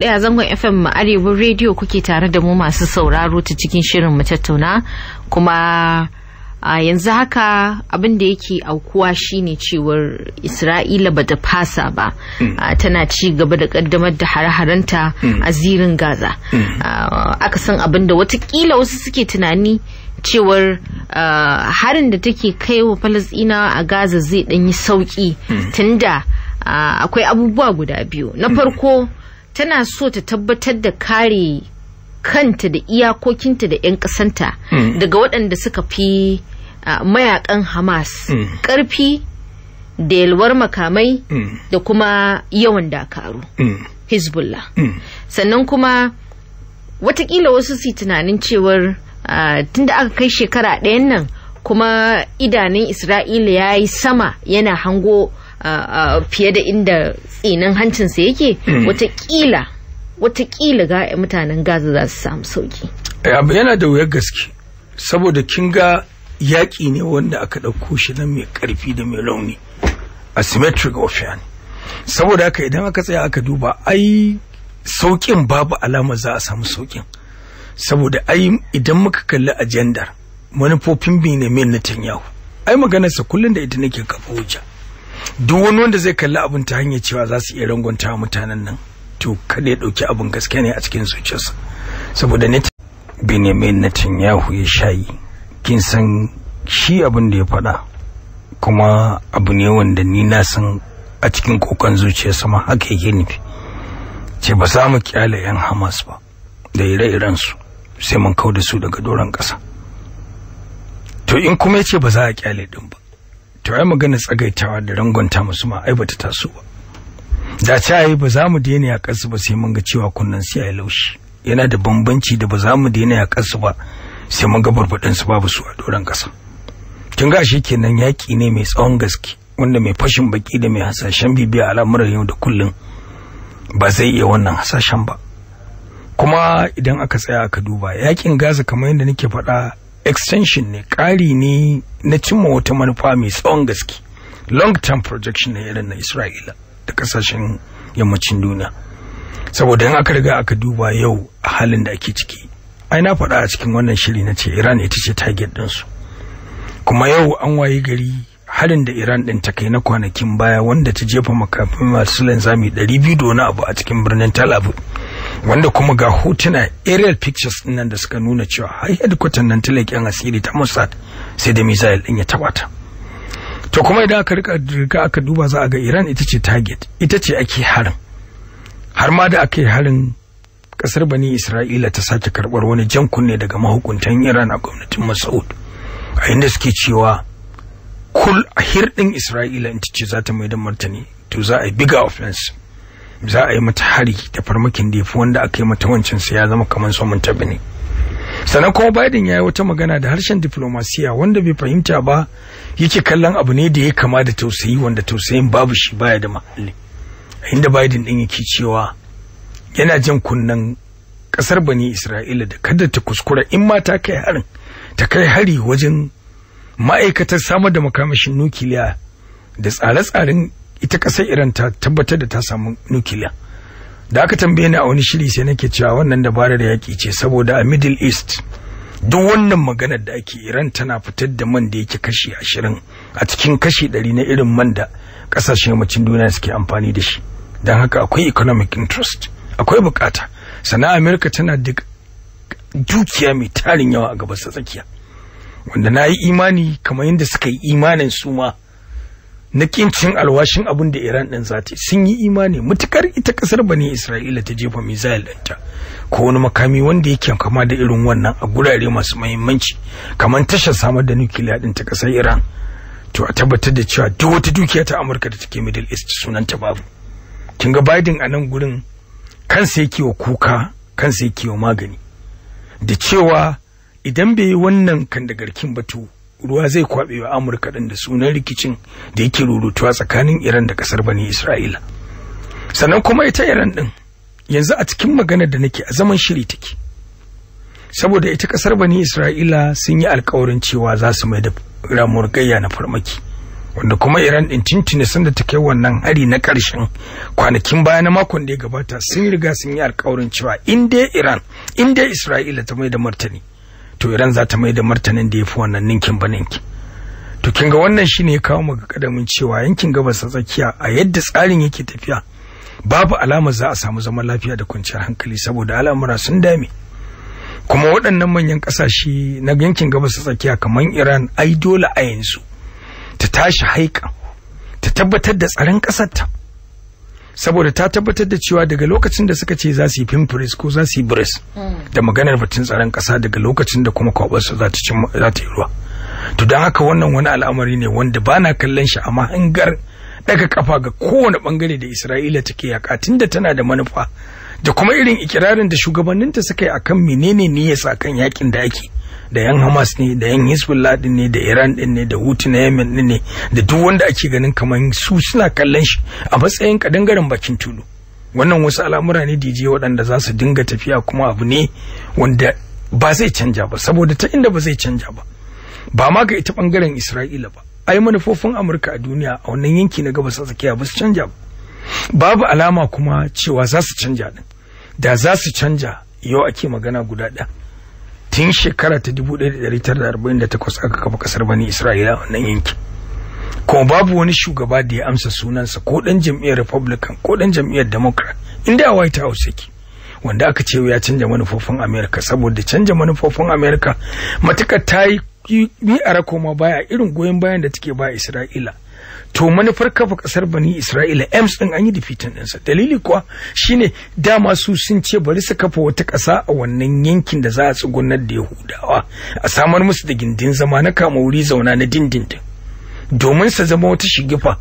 Daya zangon FM Arewa Radio kuke tare da mu masu sauraro ta cikin shirin mu tattauna kuma a yanzu haka abin da yake aukuwa shine cewar Isra'ila bata fasa ba hmm. tana ci gaba da kaddamar da hare-harenta hmm. a zirin Gaza hmm. aka san abin da watakila wasu suke tunani cewar harin da take kaiwa wa Falasɗinawa a Gaza zai ɗanyi sauƙi tunda akwai abubuwa guda biyu na farko tana so ta tabbatar da kare kanta da iyakokinta da 'yan ƙasanta hmm. daga waɗanda suka fi mayakan hamas hmm. ƙarfi da yalwar makamai hmm. da kuma yawan dakaru hezbollah sannan kuma watakila wasu su tunanin cewar tunda aka kai shekara ɗayan nan kuma idanun isra'ila ya yi sama yana hango fiye da inda tsinin hancinsa yake hmm. watakila watakila ga mutanen gaza za su samu sauki eh, yana da wuyar gaske saboda kin ga yaƙi ne wanda aka ɗauko shi na mai ƙarfi da mai launi asymmetric ocean saboda haka idan aka tsaya aka duba ai sauƙin babu alama za a samu saukin. saboda ai idan muka kalli ajandar manufofin bin na tanyahu ai maganarsa kullum da ita nake kafa wuce duk wani wanda zai kalli abin ta hanyar cewa za su iya rangwanta mutanen nan to kada ya ɗauki abin gaske ne a cikin zuciyarsa saboda ne benjamin natin ya huye shayi kin san shi abin da ya faɗa kuma abu ne wanda ni na san a cikin kokon zuciyarsa ma haka yake nufi ce ba za mu kyale yan hamas ba da ire-iren su sai mun kau da su daga doron ƙasa to in kuma ya ce ba za a kyale din ba to ai magana tsagaitawa da rangonta musu ma ai bata taso ba da ta yi ba za mu daina yaƙar su ba sai mun ga cewa kunnan su yayi laushi yana da bambanci da ba za mu daina yaƙar su ba sai mun ga barbaɗin su babu su a doron ƙasa kin ga shi kenan yaƙi ne mai tsawon gaske wanda mai fashin baki da mai hasashen bibiya al'amuran yau da kullum ba zai iya wannan hasashen ba kuma idan aka tsaya aka duba yakin gaza kamar yadda nake faɗa extension ne ƙari ne na cimma wata manufa mai tsawon gaske long term projection ne irin na isra'ila da ƙasashen yammacin duniya saboda yin aka riga aka duba yau a halin da ake ciki ai na faɗa a cikin wannan shiri na ce iran ita ce target ɗinsu kuma yau an wayi gari harin da iran ɗin ta kai na kwanakin baya wanda ta jefa makafin masu linzami 200 da wani abu a cikin birnin tel wanda kuma ga hotuna aerial pictures nan da suka nuna cewa har headquarter nan ta leƙen asiri ta Mossad sai da missile din ya tabata to kuma idan aka rika rika aka duba za a ga Iran ita ce target ita ce ake harin har ma da aka yi harin kasar Bani Isra'ila ta sake karbar wani jan kunne daga mahukuntan Iran a gwamnatin Mas'ud a inda suke cewa kul hirɗin Isra'ila in ce za ta mai da martani to za a yi bigger offense za a yi mata hari da farmakin da yafi wanda aka yi mata wancan sai ya zama kamar somin tabi ne sannan kuma biden ya yi wata magana da harshen diplomasiya wanda bai fahimta ba yake kallon abu ne da ya kama da tausayi wanda tausayin babu shi baya da mahalli inda biden din yake cewa yana jan kunnen kasar bani isra'ila da kada ta kuskura in ma ta kai harin ta kai hari wajen ma'aikatar samar da makamashin nukiliya da tsare-tsaren ita kasar iran ta tabbatar da ta samu nukiliya da aka tambaye ni a wani shiri sai nake cewa wannan dabarar yaƙi ce saboda a middle east duk wannan maganar da ake iran tana fitar da man da yake kashi ashirin a cikin kashi ɗari na irin man da kasashen yammacin duniya suke amfani da shi dan haka akwai economic interest akwai bukata sana america tana duk dukiya mai tarin yawa a gabasa tsakiya wanda na yi imani kamar yadda suka yi imanin su ma na cin alwashin abin da Iran din zata sun yi imani mutukar ita kasar bani Isra'ila ta jefa misail ɗinta ko wani makami wanda yake kama da irin wannan a gurare masu muhimmanci kamar tashar samar da nukiliya din ta kasar Iran to a tabbatar da cewa duk wata dukiya ta Amurka da take Middle East sunan ta babu kin ga Biden a nan gurin kansa yake wa kuka kansa yake wa magani da cewa idan bai yi wannan kandagarkin ba to ruwa zai kwaɓe wa amurka ɗin da sunan rikicin da yake rurutuwa tsakanin iran da ƙasar bani isra'ila sannan kuma ita iran ɗin yanzu a cikin maganar da nake a zaman shiri take saboda ita ƙasar bani isra'ila sun yi alkawarin cewa za su mai da ramuwar gayya na farmaki wanda kuma iran ɗin tuntuni sun da ta kai wannan hari na ƙarshen kwanakin baya na makon da ya gabata sun riga sun yi alkawarin cewa in dai iran in dai isra'ila ta mai da martani to Iran za ta mai da martanin da ya fi wannan ninkin ba ninki to kin ga wannan shine ya kawo maka kadamin cewa yankin gabas tsakiya a yadda tsarin yake tafiya babu alamar za a samu zaman lafiya da kwanciyar hankali saboda al'amura sun dame kuma waɗannan manyan ƙasashe na yankin gabas tsakiya kamar Iran ai dole a yanzu ta tashi haika ta tabbatar da tsaron ƙasarta saboda ta tabbatar da cewa daga lokacin da suka ce za su yi fimfiris ko za su yi bris da maganar batun tsaron kasa daga lokacin da kuma kwabarsu za ta yi ruwa to don haka wannan wani al'amari ne wanda ba na kallon shi a mahangar daga kafa ga kowane bangare da isra'ila take tun da tana da manufa da kuma irin ikirarin da shugabanninta suka yi akan menene ne ya kan yakin da ake da yan hamas ne da yan hezbollah din ne da iran din ne da hutu na yemen din ne da duk wanda ake ganin kamar su suna kallon shi a matsayin kadangaren bakin tulu wannan wasu al'amura ne dj waɗanda za su dinga tafiya kuma abu ne wanda ba zai canja ba saboda ta inda ba zai canja ba ba ma ga ita bangaren isra'ila ba ai manufofin amurka a duniya a wannan yanki na gabas tsakiya ba su canja ba babu alama kuma cewa za su canja din da za su canja yau ake magana guda ɗaya tun shekara ta 1948 aka kafa kasar bani isra'ila a wannan yankin kuma babu wani shugaba da ya amsa sunansa ko dan jam'iyyar republican ko dan jam'iyyar democrat inda a white house yake wanda aka ce ya canja manufofin america saboda canja manufofin america matuƙar ta yi bi a rako baya irin goyon bayan da take ba isra'ila to manufar kafa kasar bani isra'ila ems din an yi defeating ɗinsa dalili kuwa shine dama su sun ce bari su kafa wata ƙasa a wannan yankin da za a tsugunar da yahudawa a samar musu da gindin zama na kama wuri zauna na dindindin domin su zama wata shigifa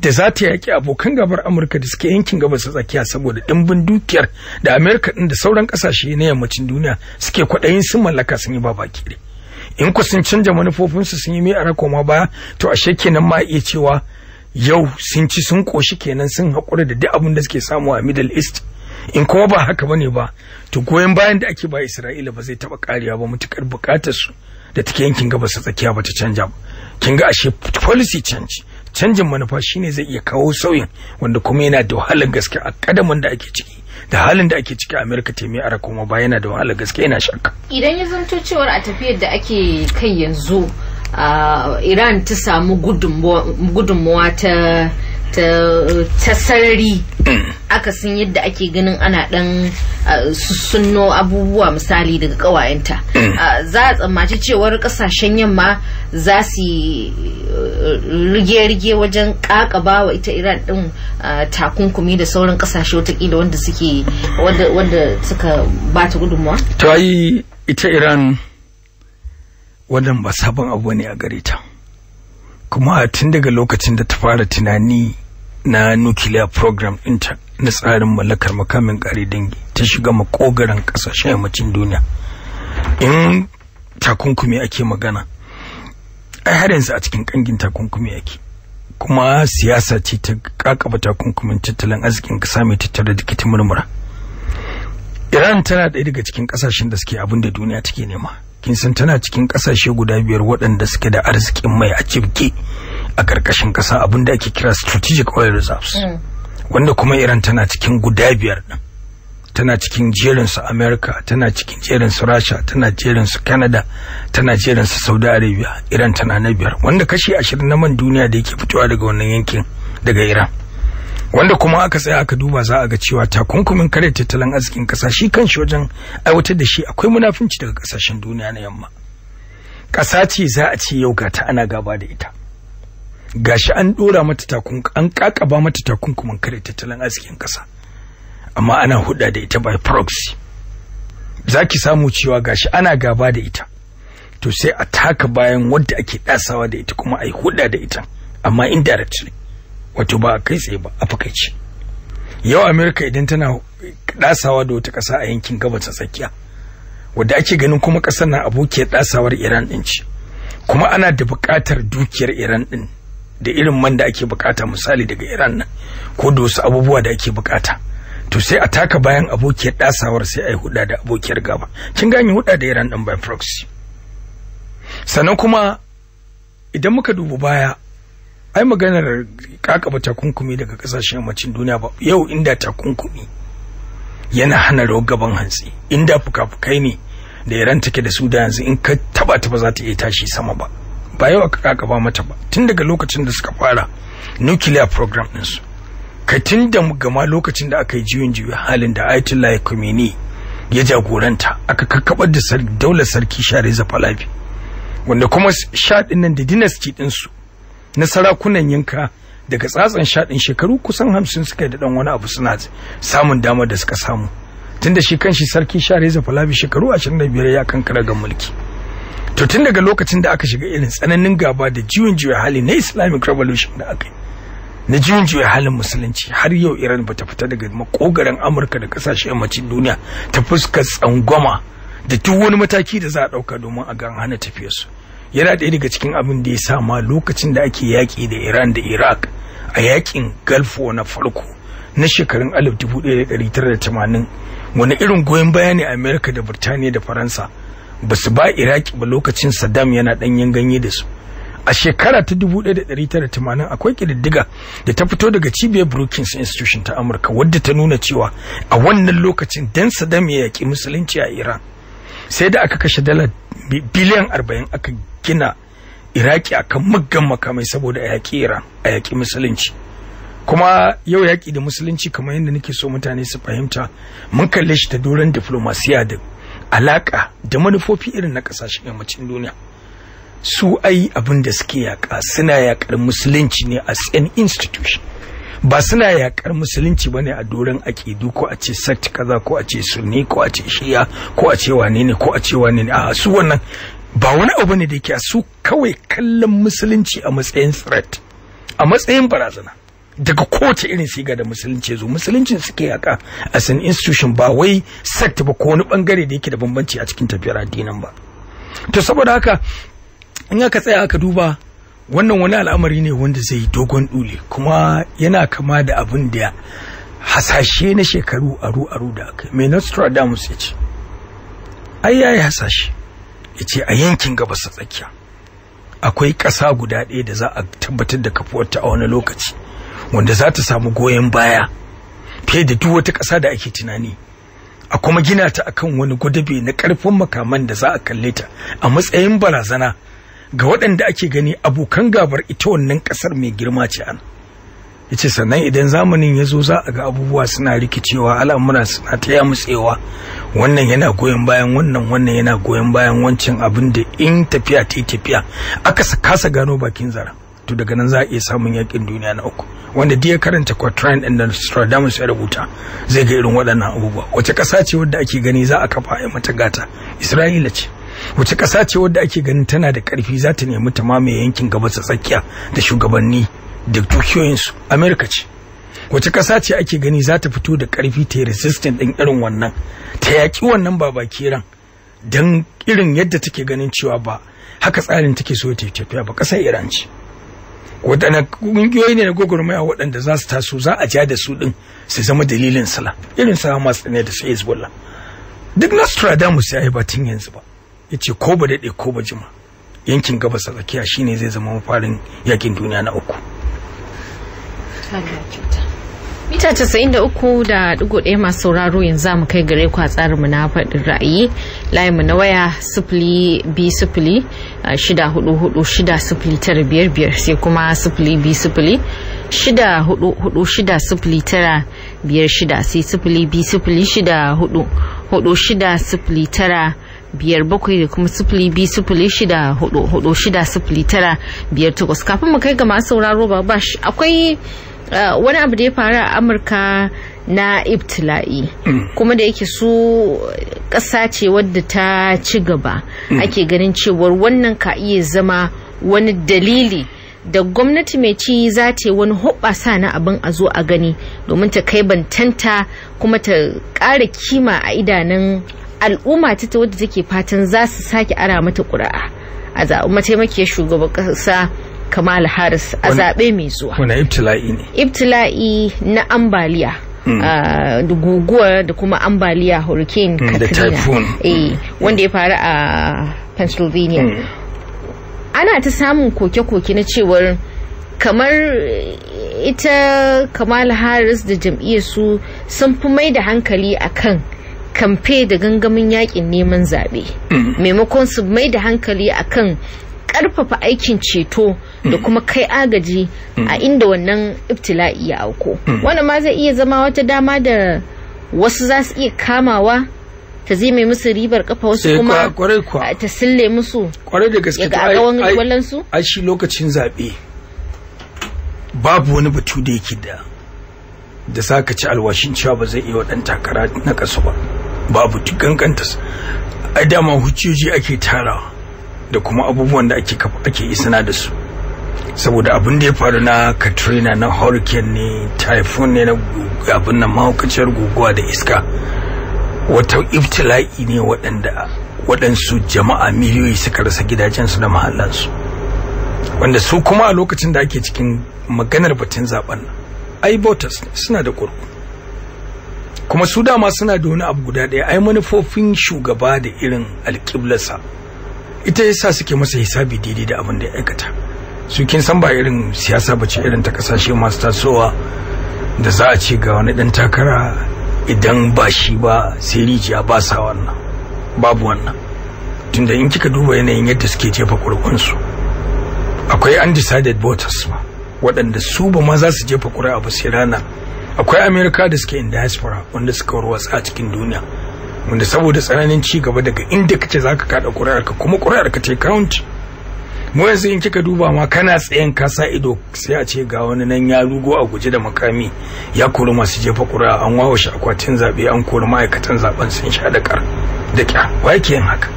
da za ta yaƙi abokan gabar amurka da suke yankin gabas tsakiya saboda dimbin dukiyar da amerika ɗin da sauran ƙasashe na yammacin duniya suke kwaɗayin sun mallaka sun yi ba in ku sun canja manufofinsu sun yi mai ara koma baya to ashe kenan ma iya cewa yau sun ci sun koshi kenan sun haƙura da duk abin da suke samu a middle east in kuma ba haka bane ba to goyon bayan da ake ba isra'ila ba zai taɓa ƙariya ba mutukar buƙatar su da take yankin gaba su tsakiya ba ta canja ba kin ga ashe policy change canjin manufa shine zai iya kawo sauyin wanda kuma yana da wahalar gaske a kadamin da ake ciki da halin da ake ciki a amerika ta ara kuma ba yana da wahala gaske yana shakka idan ya zanto cewar a tafiyar da ake kai yanzu iran ta samu gudunmawa ta ta sarari akasin yadda ake ganin ana dan sunno abubuwa misali daga kawayenta za a tsammaci cewar kasashen yamma za su uh, rige-rige wajen kakaba wa ita iran din takunkumi da sauran kasashe watakila wanda suke wanda suka bata gudunmawa? ta yi ita iran wannan ba sabon abu ne a gare ta kuma tun daga lokacin da ta fara tunani na nuclear program inter na tsarin mallakar makamin kare dangi ta shiga makogaran kasashen yammacin duniya in takunkumi ake magana ai har yanzu a cikin ƙangin takunkumi ake kuma siyasa ce ta kakaba takunkumin tattalin arzikin kasa mai tattara da murmura iran tana ɗaya daga cikin ƙasashen da suke abin da duniya take nema kin san tana cikin kasashe guda biyar waɗanda suke da arzikin mai a cibke a ƙarƙashin ƙasa abin da ake kira strategic oil reserves mm. wanda kuma iran tana cikin guda biyar ɗin tana cikin jerin su america tana cikin jerin su rasha tana jerin su canada tana jerin su saudi arabia iran tana na biyar wanda kashi ashirin na man duniya da yake fitowa daga wannan yankin daga iran wanda kuma aka tsaya aka duba za a ga cewa takunkumin kare tattalin arzikin kasa shi kan kanshi wajen aiwatar da shi akwai munafunci daga kasashen duniya na yamma ƙasa ce za a ce yau gata ana gaba da ita gashi an dora mata takun an kakaba mata takunkumin kare tattalin arzikin ƙasa amma ana huɗa da ita by proxy zaki samu cewa gashi ana gaba da ita to sai a taka bayan wadda ake dasawa da ita kuma ai huɗa da ita amma indirectly wato ba a kai tsaye ba a fakaici yau amerika idan tana dasawa da wata ƙasa a yankin gabas tsakiya wadda ake ganin kuma ƙasar na abokiyar dasawar iran din ce kuma ana da buƙatar dukiyar iran din da irin man da ake buƙata misali daga iran nan ko da wasu abubuwa da ake buƙata to sai a taka bayan abokiyar dasawar sai a yi huda da abokiyar gaba kin gani huɗa da iran din by proxy sannan kuma idan muka duba baya ai maganar kakaba takunkumi daga kasashen yammacin duniya ba yau inda takunkumi yana hana rogaban gaban hantsi inda fuka-fukai ne da iran take da su da yanzu in ka taba ta za ta iya tashi sama ba ba yau aka kakaba mata ba tun daga lokacin da suka fara nuclear program ɗinsu ka tun da gama lokacin da aka yi juyin juyin halin da ayatollah khomeini ya jagoranta aka kakabar da daular sarki share zafalafi wanda kuma sha nan da dinasti ɗinsu na sarakunan yanka daga tsatsan shaɗin shekaru kusan hamsin suka yi da ɗan wani abu suna samun damar da suka samu tun da shi kanshi sarki shareza falabi shekaru biyar ya kankara ga mulki to tun daga lokacin da aka shiga irin tsananin gaba da juyin juya hali na islamic revolution da aka yi na juyin juya halin musulunci har yau iran ba ta fita daga makogaren amurka da kasashe yammacin duniya ta fuskar tsangwama da duk wani mataki da za a ɗauka domin a gan hana tafiyarsu yana ɗaya daga cikin abin da ya sa ma lokacin da ake yaƙi da iran da iraq a yaƙin galfo na farko na shekarun 1980 wani irin goyon baya ne amerika da birtaniya da faransa ba su ba iraki ba lokacin saddam yana ɗanyen ganye da su a shekara ta 1980 akwai kididdiga da ta fito daga cibiyar brookings institution ta amurka wadda ta nuna cewa a wannan lokacin dan saddam ya yaƙi musulunci a iran sai da aka kashe dala biliyan 40 aka gina iraki akan muggan makamai saboda a yaƙi iran a yaƙi musulunci kuma yau yaƙi da musulunci kamar yadda nake so mutane su fahimta mun kalle shi ta doron diflomasiya da alaƙa da manufofi irin na ƙasashen yammacin duniya su ai abin da suke yaƙa suna yaƙar musulunci ne as an institution ba suna yaƙar musulunci ba ne a doron aƙidu ko a ce sect kaza ko a ce sunni ko a ce shiya ko a ce wane ne ko a ce wane ne a su wannan ba wani abu ne da yake su kawai kallon musulunci a matsayin threat a matsayin barazana daga kowace irin siga da musulunci zo musulunci suke yaka a san institution ba wai sect ba ko wani bangare da yake da bambanci a cikin tafiyar addinin ba to saboda haka in aka tsaya aka duba wannan wani al'amari ne wanda zai yi dogon dule kuma yana kama da abin da hasashe na shekaru aru aru da aka mai nostradamus ya ce ai yayi hasashe ya ce a yankin gabas ta tsakiya akwai ƙasa guda ɗaya da za a tabbatar da kafuwarta a wani lokaci wanda za ta samu goyon baya fiye da duk wata ƙasa da ake tunani a kuma gina ta akan wani gwadabe na ƙarfin makaman da za a kalle ta a matsayin barazana ga waɗanda ake gani abokan gabar ita wannan ƙasar mai girma ce ana ya sannan idan zamanin ya zo za a ga abubuwa suna rikicewa al'amura suna ta yamutsewa wannan yana goyon bayan wannan wannan yana goyon bayan wancan abin da in tafiya ta yi tafiya aka kasa gano bakin zara to daga nan za a iya samun yakin duniya na uku wanda duk ya karanta quatrain and Stradamus ya rubuta zai ga irin waɗannan abubuwa wace ƙasa ce wadda ake gani za a kafa a mata gata Isra'ila ce wace ƙasa ce wadda ake gani tana da ƙarfi za ta nemi ta mamaye yankin gabas tsakiya da shugabanni da dukiyoyinsu amerika ce wace ƙasa ce ake gani za ta fito da ƙarfi ta yi resistant din irin wannan ta yaƙi wannan ba ran don irin yadda take ganin cewa ba haka tsarin take so ta tafiya ba ƙasar iran ce waɗanda ƙungiyoyi ne na gwagwarmaya waɗanda za su taso za a ja da su ɗin su zama dalilin sala irin sa su ne da su hezbollah duk nostradamus ya yi batun yanzu ba ya ce ko ba daɗe ko ba jima yankin gabas a tsakiya shine zai zama mafarin yakin duniya na uku mita da da uku ɗaya masu sauraro yanzu za mu kai gare ku a tsarinmu na faɗin ra'ayi layinmu na waya sifili bi sifili shida hudu hudu shida sifili tara biyar biyar sai kuma sifili bi sifili shida hudu hudu shida sifili tara biyar shida sai sifili bi sifili shida hudu hudu shida sifili tara biyar bakwai da kuma sifili bi sifili shida hudu hudu shida sifili tara biyar takwas kafin mu kai ga masu sauraro ba akwai Eh, wani abu da ya faru a amurka na ibtila'i hmm. kuma da yake su eh, ƙasa ce wadda ta ci gaba hmm. ake ganin cewar wannan ka iya zama wani dalili da gwamnati mai ci za ta wani hoɓasa na abin a zo a gani domin ta kai bantanta kuma ta ƙara kima a idanun al'umma ta wadda take fatan za su sake ara mata ƙuri'a a zaɓi mataimakiyar shugaban ƙasa kamala harris a zaɓe mai zuwa Wane ibtila'i ne ibtila'i na ambaliya hmm. da guguwa da kuma ambaliya hurricane hmm, katrina eh, hmm. wanda ya faru a pennsylvania ana ta samun koke-koke na cewar kamar ita kamala harris da jam'iyyarsu sun fi mai da hankali akan kamfe da gangamin yakin neman zaɓe maimakon su mai da hankali akan karfafa aikin ceto da kuma kai agaji mm. a inda wannan ibtila'i ya auko mm. wannan ma zai iya zama wata dama da wasu za su iya kamawa ta mai musu ribar kafa wasu eh, kuma ta sille musu kwarai da gaske ta shi lokacin zaɓe babu wani batu da yake da da za ka ci alwashin cewa ba zai iya waɗanta ɗan takara na kasu ba babu su. a dama hujjoji ake tarawa da kuma abubuwan da ake ake isana da su saboda abin da ya faru na katrina na hurricane ne typhoon ne na abin nan mahaukaciyar guguwa da iska wata iftila'i ne waɗanda waɗansu jama'a miliyoyi suka rasa gidajensu da mahallansu wanda su kuma a lokacin da ake cikin maganar batun zaben ai voters suna da ƙurƙu kuma su dama suna da wani abu guda ɗaya ai manufofin shugaba da irin alƙiblarsa ita yasa suke masa hisabi daidai da abin da ya aikata su kin san ba irin siyasa bace irin ta kasashe masu tasowa da za a ce ga wani dan takara idan ba shi ba sai rijiya ba sa wannan babu wannan tunda in kika duba yanayin yadda suke jefa su akwai undecided voters ba waɗanda su ba ma za su jefa ƙuri'a ba sai rana akwai america da suke in diaspora wanda suka warwatsa a cikin duniya wanda saboda tsananin ci gaba daga inda kace zaka kada ƙuri'ar ka kuma ƙuri'ar ka ce count mu yanzu in kika duba ma kana tsayen ka sa ido sai a ce ga wani nan ya rugo a guje da makami ya kori masu jefa ƙuri'a an shi akwatin zaɓe an kori ma'aikatan zaɓen sun sha da ƙar da ƙya wa yake yin haka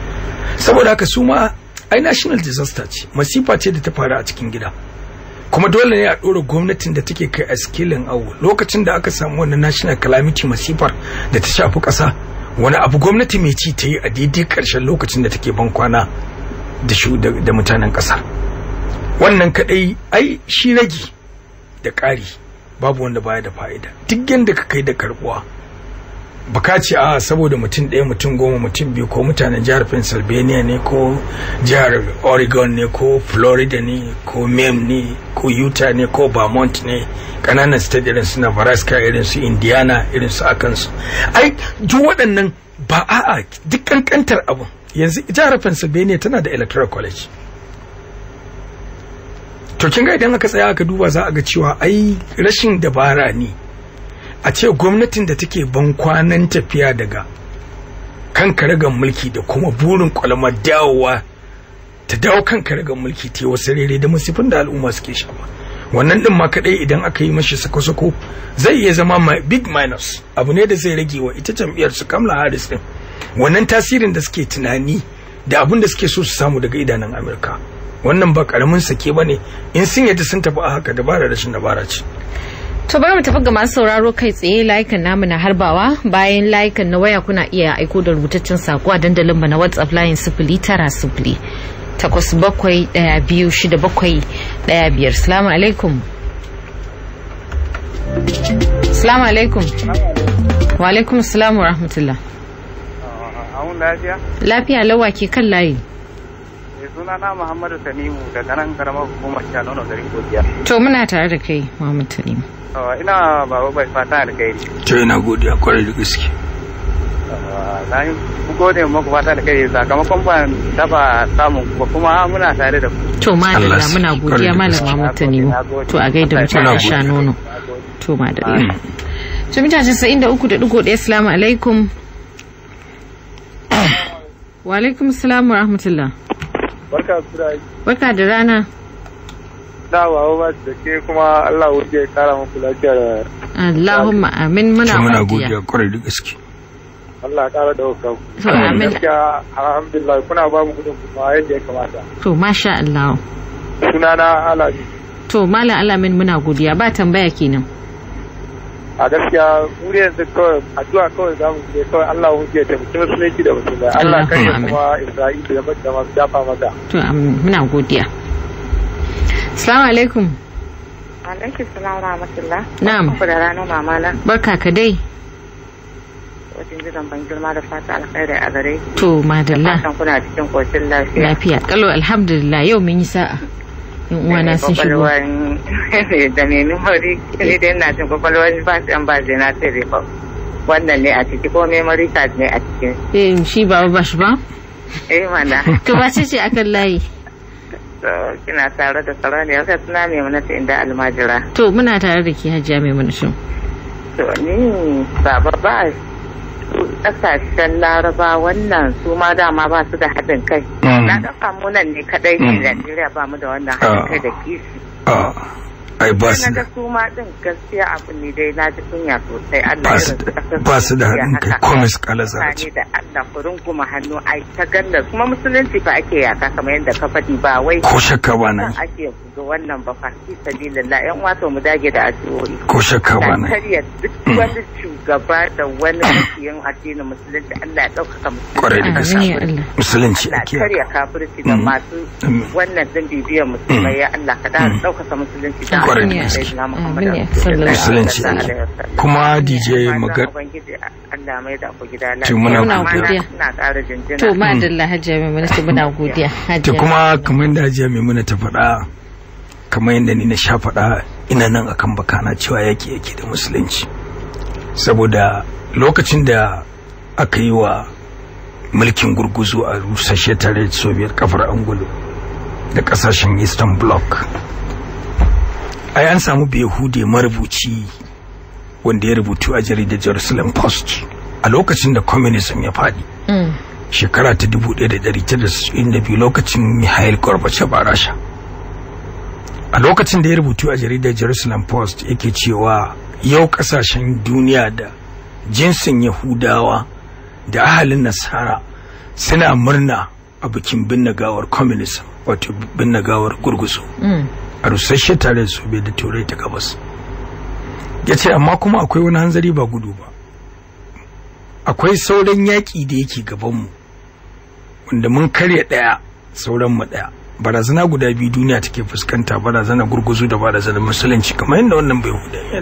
saboda haka su ma ai national disaster ce masifa ce da ta faru a cikin gida kuma dole ne a ɗora gwamnatin da take kai a skillin awo lokacin da aka samu wannan national calamity masifar da ta shafi ƙasa wani abu gwamnati mai ci ta yi a daidai karshen lokacin da take ban kwana da shu da mutanen ƙasar wannan kadai ai shi ragi da ƙari babu wanda baya da fa'ida duk yadda ka kai da karbuwa bukaci a saboda mutum ɗaya mutum goma mutum biyu ko mutanen jihar pennsylvania ne ko jihar oregon ne ko florida ne ko maine ne ko utah ne ko vermont ne kananan state irin su nebraska irin su indiana irin su akansu ai duk waɗannan ba a duk kankantar abu yanzu jihar pennsylvania tana da electoral college to kin ga idan aka tsaya aka duba za a ga cewa ai rashin dabara ne a ce gwamnatin da take ban kwanan tafiya daga kan karagar mulki da kuma burin kwalama dawowa ta dawo kan karagar mulki ta yi wasu rere da masifin da al'umma suke sha wannan din ma kadai idan aka yi mashi sako-sako zai iya zama big minus abu ne da zai rage wa ita jam'iyyar su kamla harris din wannan tasirin da suke tunani da abin da suke so su samu daga idanun amurka wannan ba karamin sake ba ne in sun yadda sun tafi a haka dabara rashin dabara ce To bari mu tafi ga masu sauraro kai tsaye layukan namu na harbawa bayan layukan na waya kuna iya aiko da rubutaccen sako a dandalin mu na WhatsApp layin sifili tara sifili takwas bakwai ɗaya biyu shida bakwai ɗaya biyar. Salamu alaikum. Salamu alaikum. Wa alaikum salam wa rahmatullah. Ah, lafiya lawa ke kan layi. sunana Muhammadu Tanimu daga nan karamar hukumar Shanono garin Godiya. To muna tare da kai Muhammadu Tanimu. ina baba bai fata alkhairi. To ina godiya kwarai da gaske. Ah, na yi gode muku fata alkhairi sakamakon ban taba samun ba kuma muna tare da ku. To madalla muna godiya malam Muhammadu Tanimu. To a gaida mutane Shanono. To madalla. To mutane da Assalamu alaikum. wa alaikum salam wa rahmatullah Barka Kurai. Barka da rana. Dawa ba da ke kuma Allah wuce ya kara muku lafiya da. Allahumma amin muna godiya. Muna godiya kwarai da gaske. Allah kara da hukam. To amin. alhamdulillah kuna ba mu gudun kuma yadda ya kamata. To masha Allah. Sunana Alamin. To Malam Alamin muna godiya ba tambaya kenan. a gaskiya mu yanzu kawai addu'a kawai za mu je kawai Allah ya hujje ta mutum musulunci da mutum da Allah kar ya kuma Isra'ila da bada masu dafa maka. to amin muna godiya assalamu alaikum alaikum salamu rahmatullah na'am ku da rana mama na barka ka dai wajen jiran ban girma da fata alkhairi a gare to madalla kuna cikin koshin lafiya lafiya kalo alhamdulillah yau mun yi sa'a in uwana sun shigo da ne memory ne da yana cin kwakwalwar ba su yan ba zai na tare ba wannan ne a ciki ko memory card ne a cikin eh shi ba ba shi ba eh mana to ba ce ce akan layi kina tare da tsaro ne wata suna mai mana inda almajira to muna tare da ki hajjia mai mana shin to ni ba ba su ƙasashen laraba wannan su ma dama ba su da haɗin kai mm. na ɗauka mu nan ne kaɗai ne mm. Najeriya ba mu da wannan haɗin kai da kishi ah. ai ba su da su ma din gaskiya abu ne dai na ji kunya sosai Allah ya ba su da haɗin kai komis kala za ne da Allah furin kuma hannu ai ta galla kuma musulunci fa ake yaka kamar yadda ka faɗi ba wai ko shakka ba nan ake ga wannan ba fa fi sabilillah yan wato mu dage da addu'o'i ko shakka ba nan kariya duk mm. wani shugaba da wani yan addini musulunci Allah ya dauka musulunci kwarai da gaske musulunci ake kariya kafirci da mm. masu mm. wannan din bibiyar musulmai ya Allah ka dauka musulunci da kwarai da gaske musulunci kuma dj magar to muna godiya to mm. madalla hajiya maimuna to muna godiya to kuma kamar da hajiya maimuna ta faɗa kamar yadda ni na sha faɗa ina nan akan bakana cewa yake yake da musulunci saboda lokacin da aka yi wa mulkin gurguzu a rusashe tare da soviet kafar angulo da kasashen eastern bloc ai an samu behude marubuci wanda ya rubutu a jaridar jerusalem post a lokacin da communism ya faɗi mm. shekara ta 1992 lokacin mihail gorbachev a rasha a lokacin da ya rubutu a jaridar jerusalem post yake cewa yau kasashen duniya da jinsin yahudawa da ahalin nasara suna murna a bikin binne gawar communism wato binne gawar gurguzu mm. a rusasshe tare da sobe da turai ta gabas ya ce amma kuma akwai wani hanzari ba gudu ba akwai sauran yaƙi da yake gabanmu wanda mun karya ɗaya sauran mu ɗaya barazana guda biyu duniya take fuskanta barazana gurguzu da barazana musulunci kamar yadda wannan bai huda ya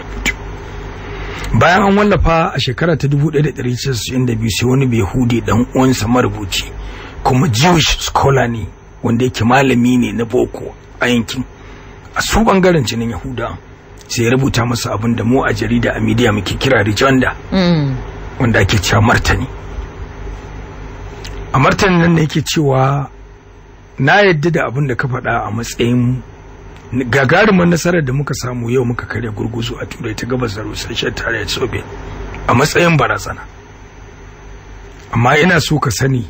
bayan an wallafa a shekara ta 1962 sai wani bai dan uwansa marubuci kuma jewish scholar ne wanda yake malami ne na boko a yankin a su bangaren jinin yahuda sai ya rubuta masa abin da mu a jarida a media muke kira rijanda hmm. wanda ake cewa martani a martanin nan ne yake cewa na yadda da abin da ka faɗa a matsayin gagarumar nasarar da muka samu yau muka karya gurguzu a turai ta gabas da rusashen tarayyar soviet a matsayin barazana amma ina so ka sani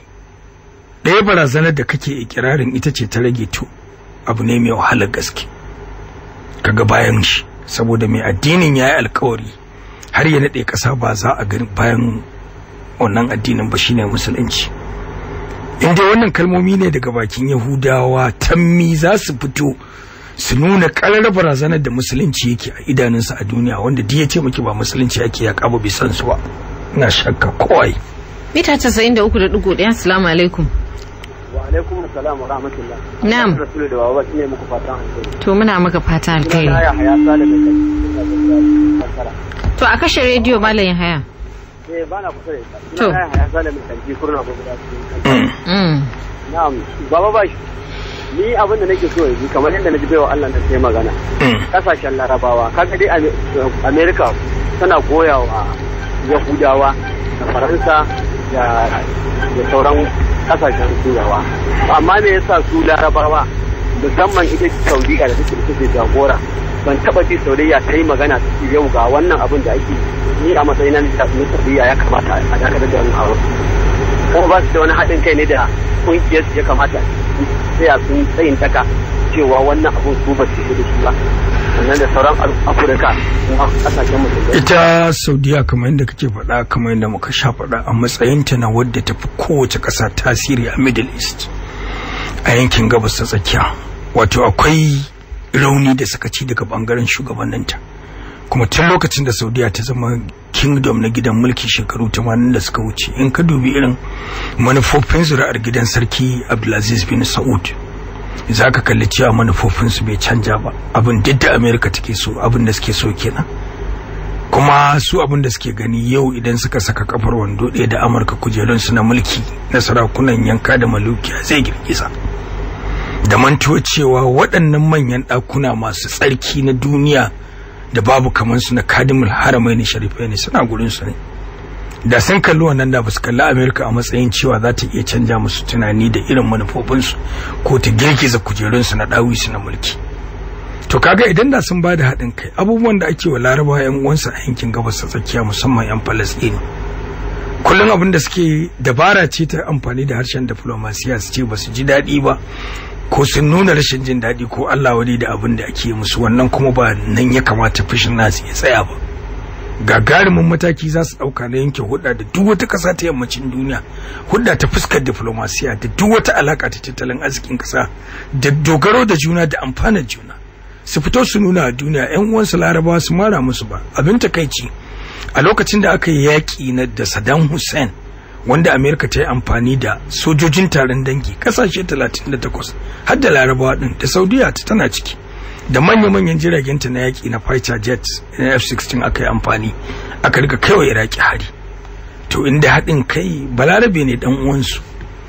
ɗaya barazanar da kake ikirarin ita ce ta rage to abu ne mai wahalar gaske kaga bayan shi saboda mai addinin ya yi alkawari har ya naɗe ƙasa ba za a gani bayan wannan addinin ba shine musulunci inda wannan kalmomi ne daga bakin yahudawa tammi za su fito su nuna ƙarar barazanar da musulunci yake a idanunsa a duniya wanda duk ya ce miki ba musulunci yake ya kaba bisan san su ba ina shakka kowai mita 93.1 assalamu alaikum alaikum salam wa rahmatullah na'am rasulu da baba shine muku fatan alheri to muna maka fatan alheri to a kashe rediyo malamin haya eh bana kusa da ita to haya sale mai kanji kurna ko guda mm. na'am baba ba shi ni abin da nake so yanzu kamar yadda naji baiwa Allah da sai magana mm. kasashen larabawa kaga dai america tana goyawa wa yahudawa da faransa da sauran kasashen turawa amma me yasa su larabawa musamman ita saudiya da take take jagora ban taba ji saudiya ta yi magana ta ce yau ga wannan abin da ake ni a matsayin na saudiya ya kamata a daga da jami'a ba kuma ba su da wani haɗin kai ne da kungiyar su ya kamata sai a sun tsayin taka cewa wannan abin su ba su da shi ba sannan da sauran afirka kasashen ita saudiya kamar yadda kake faɗa kamar yadda muka sha faɗa a matsayinta na wadda ta fi kowace ƙasa tasiri a middle east a yankin gabas ta tsakiya wato akwai rauni da suka ci daga bangaren shugabanninta kuma tun lokacin da saudiya ta zama kingdom na gidan mulki shekaru 80 da suka wuce in ka dubi irin manufofin zuri'ar gidan sarki abdulaziz bin sa'ud za ka kalli cewa manufofinsu bai canja ba abin duk da amerika take so abin da suke so kenan kuma su abin da suke gani yau idan suka saka kafar wando ɗaya da amurka kujerun su na mulki na sarakunan yanka da malukiya zai girgiza da mantuwa cewa waɗannan manyan ɗakuna masu tsarki na duniya da babu kamar su na kadimul haramai na sharifai ne suna gurin su ne da sun kalli wannan da basu kalli amerika a matsayin cewa za ta iya canja musu tunani da irin manufofinsu ko ta girgiza kujerunsu na su na mulki to kaga idan da sun bada haɗin kai abubuwan da ake wa laraba yan uwansu a yankin gabas ta tsakiya musamman yan falastini kullum abin da suke dabara ce ta amfani da harshen diplomasiya su ce ba su ji daɗi ba ko sun nuna rashin jin daɗi ko allah wani da abin da ake musu wannan kuma ba nan ya kamata fushin nasu ya tsaya ba gagarumin mataki za su ɗauka na yanke hudda da duk wata ƙasa ta yammacin duniya hudda ta fuskar diplomasiya da duk wata alaka ta tattalin arzikin ƙasa da dogaro da juna da amfanar juna su fito su nuna a duniya 'yan uwansu larabawa su mara musu ba abin takaici a lokacin da aka yi yaƙi na da saddam hussein wanda amerika ta yi amfani da sojojin taron dangi ƙasashe talatin 38 har da larabawa ɗin da saudiya tana ciki da manya-manyan jiragen ta na yaƙi na fighter jet na f-16 aka yi amfani aka rika kaiwa iraki hari to inda haɗin kai balarabe ne dan uwansu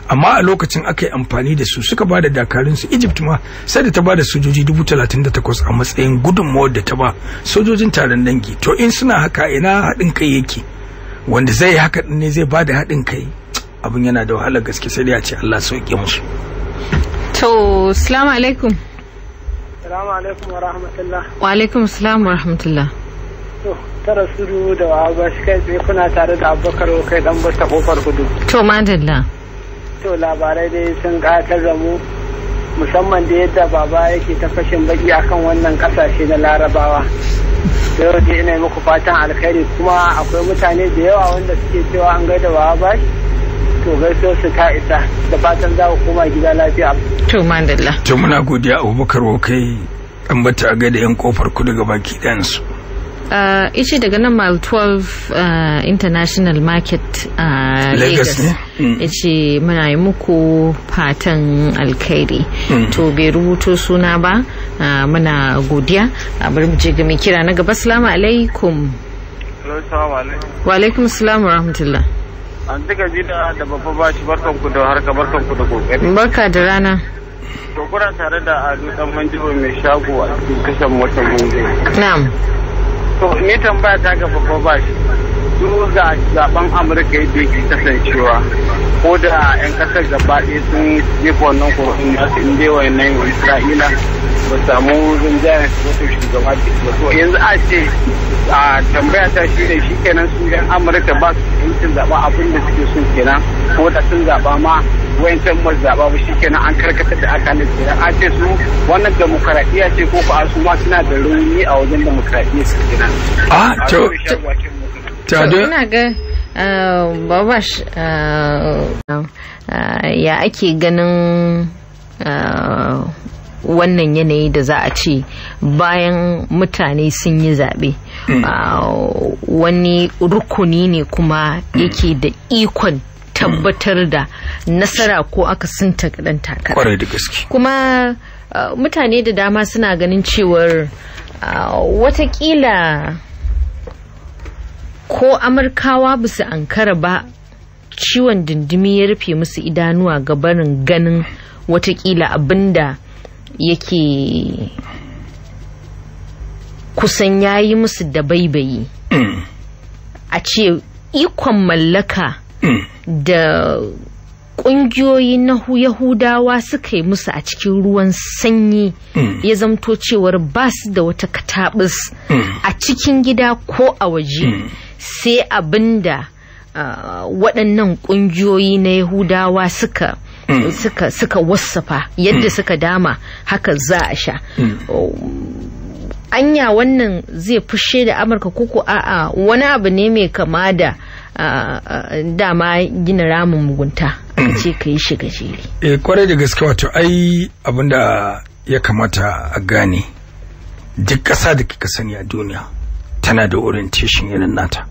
amma a lokacin aka yi amfani da su suka ba da dakarunsu egypt ma sai da ta ba da sojoji 38,000 a matsayin gudunmawar da ta ba sojojin taron dangi to in suna haka ina haɗin kai yake wanda zai yi haka ne zai ba da haɗin kai abin yana da wahalar gaske sai dai a ce allah sauke musu to salamu alaikum Assalamu alaikum wa rahmatullah. Wa alaikum assalam wa rahmatullah. da shi kai tsaye kuna tare da abubakar kai dan ta kofar kudu. To, madalla. To, labarai dai sun kata zamu musamman da yadda baba yake ta fashin baki akan wannan kasashe na larabawa. Da yau dai ina muku fatan alkhairi kuma akwai mutane da yawa wanda suke cewa an gaida basi. to gaisuwar su ta isa da fatan za ku koma gida lafiya to mandalla to muna godiya abubakar wakai an bata a da yan kofar ku daga baki su. Uh, ice daga nan mile 12 uh, international market uh, lagos ice mm. muna yi muku fatan alkhairi mm. to bai rubuto suna ba uh, muna godiya a uh, bari mu je ga mai kira na gaba salamu alaikum wa alaikum salam wa rahmatullah An tuka da da babba bashi barkanku da harka barkanku da kokari. Barka da rana. To kuna tare da Ado dan Manjibo mai shago a cikin kashin motar Gungu. Na'am. To ni tambaya ta ga babba bashi. yanzu ga zaben amurka yadda yake kasancewa ko da 'yan kasar gaba ɗaya sun jefa wannan kurkun nasu in dai wannan isra'ila ba samu rinjayen su wato shugaba ba so yanzu a ce a tambaya ta shi ne shi kenan su 'yan amurka ba su yancin zaɓa abin da suke so kenan ko da sun zaɓa ma wayan can ba zaɓa ba shi kenan an karkata da aka nufi kenan an ce su wannan demokaradiyya ce ko ba su ma suna da rauni a wajen demokaradiyya su kenan. Ah, ina ga eh, babash eh, eh, ya ake ganin wannan yanayi da za a ce bayan mutane sun yi zaɓe hmm. ah, wani rukuni ne kuma yake da ikon tabbatar da nasara ko aka sun ɗan takara kuma mutane da dama suna ganin cewar watakila ko amurkawa ba su ankara ba ciwon dindimi ya rufe musu idanuwa ga barin ganin watakila abinda yake kusan ya yi musu da baibayi a ce ikon mallaka da ƙungiyoyi na yahudawa suka yi musu a cikin ruwan sanyi ya zamto cewar ba su da wata katabis mm. a cikin gida ko a waje mm. sai abinda uh, waɗannan ƙungiyoyi na yahudawa suka hmm. suka suka wasafa yadda hmm. suka dama haka za a sha hmm. oh, anya wannan zai fushe da amurka ko a'a wani abu ne mai kama da uh, uh, dama gina ramin mugunta a ce ka yi shiga jere e eh, kwarai da gaske wato ai abinda ya kamata a gane duk ƙasa da kika sani a duniya tana da orientation irin nata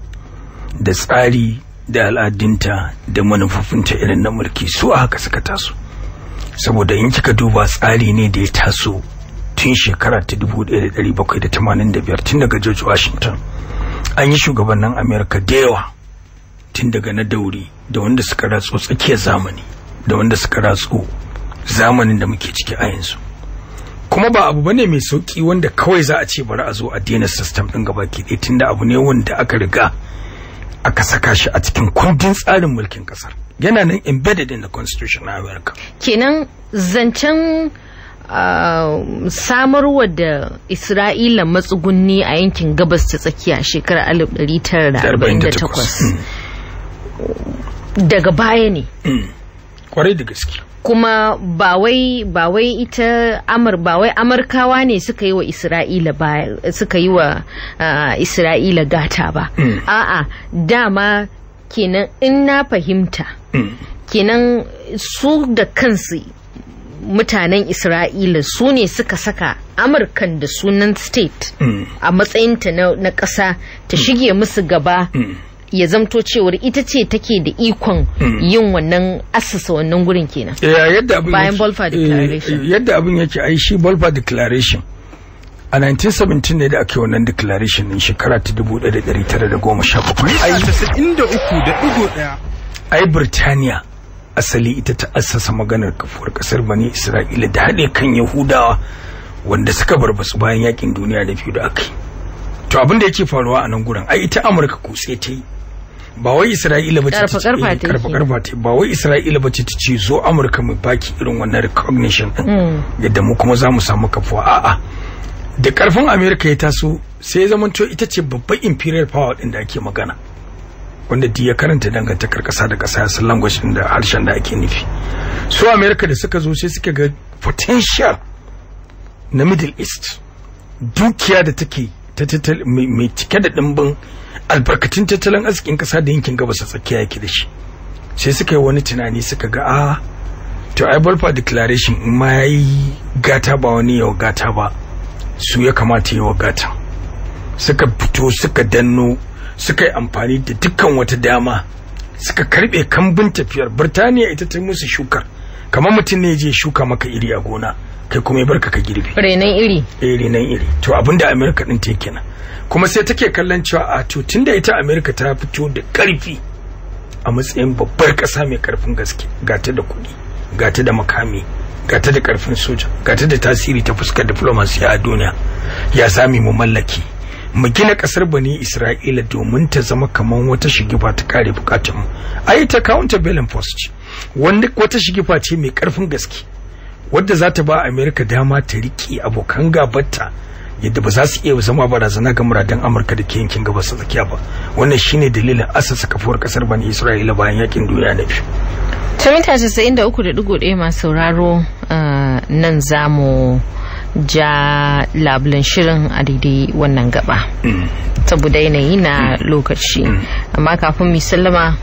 da tsari da al'adinta da manufofinta irin na mulki su a haka suka taso saboda in kika duba tsari ne da ya taso tun shekara ta 1785 tun daga George Washington an yi shugabannin Amerika da yawa tun daga na dauri da wanda suka ratso tsakiyar zamani da wanda suka ratso zamanin da muke ciki a yanzu kuma ba abu bane mai sauki wanda kawai za a ce bari a zo a daina system din gaba ki tunda abu ne wanda aka riga aka saka shi a cikin kundin tsarin mulkin kasar yana nan embedded in the constitution na america kenan zancen ah, samarwa da isra'ila matsugunni a yankin gabas ta tsakiya shekarar 1948 hmm. daga baya ne hmm. kwarai da gaske kuma ba wai ba wai ita amur ba wai amurkawa ne suka yi wa isra'ila ba suka yi wa isra'ila gata ba mm. a'a dama kenan in na fahimta mm. kenan su da kansu mutanen isra'ila su ne suka saka amurkan da sunan state mm. a matsayinta na kasa ta shige musu gaba ya zamto cewar ita ce take da ikon hmm. yin wannan assasa wannan gurin kenan eh, bayan Bolfa eh, Declaration eh, yadda abin yake ai shi Bolfa Declaration a 1917 ne da ake wannan declaration din shekara ta 1917 ai 93.1 ai Birtaniya asali ita ta assasa maganar kafuwar kasar bani Isra'ila da haɗe kan Yahudawa wanda suka barbasu bayan yakin duniya da biyu da aka yi to abin da yake faruwa a nan gurin ai ita amurka kutse ta yi ba wai isra'ila ba ce karfa karfa ta ba wai isra'ila ba ce ta ce zo amurka mu baki irin wannan recognition din hmm. yadda mu kuma za mu samu kafuwa a'a da karfin amerika ya taso sai zaman zamanto ita ce babban imperial power din da ake magana wanda duk ya karanta dangantakar kasa da kasa sun language da harshen da ake nufi su Amurka da suka zo sai suka ga potential na middle east dukiya da take mai cike da ɗimbin albarkatun tattalin arzikin ƙasa da yankin gabas a tsakiya yake da shi sai suka yi wani tunani suka ga a ah, to ai balfa declaration in ma ya yi gata ba wani yau gata ba su ya kamata yi wa gata suka fito suka danno suka yi amfani da dukkan wata dama suka karɓe kambun tafiyar birtaniya ita ta musu shukar kamar mutum ne ya je shuka maka iri a gona kai kuma ya barka ka girbe renan iri eh renan iri to abinda america din take kenan kuma sai take kallon cewa a ah, to tunda ita america ta fito da karfi a matsayin babbar kasa mai karfin gaske gata da kuɗi gata da makami gata da karfin soja gata da tasiri ta fuskar diplomasiya a duniya ya sami mu mallaki mu gina kasar bani isra'ila domin ta zama kamar wata shigifa ta kare bukatunmu mu ai ta counter balance post wanda wata shigifa ce mai karfin gaske wadda za ta ba amerika dama ta riƙe abokan gabata yadda ba za su iya zama barazana ga muradan amurka da ke yankin gabas ta tsakiya ba wannan shine dalilin asasa kafuwar kasar bani isra'ila bayan yakin duniya na biyu digo daya masu sauraro eh, nan za mu ja labulan shirin a daidai wannan gaba mm. saboda yanayi na lokaci mm. amma kafin mu sallama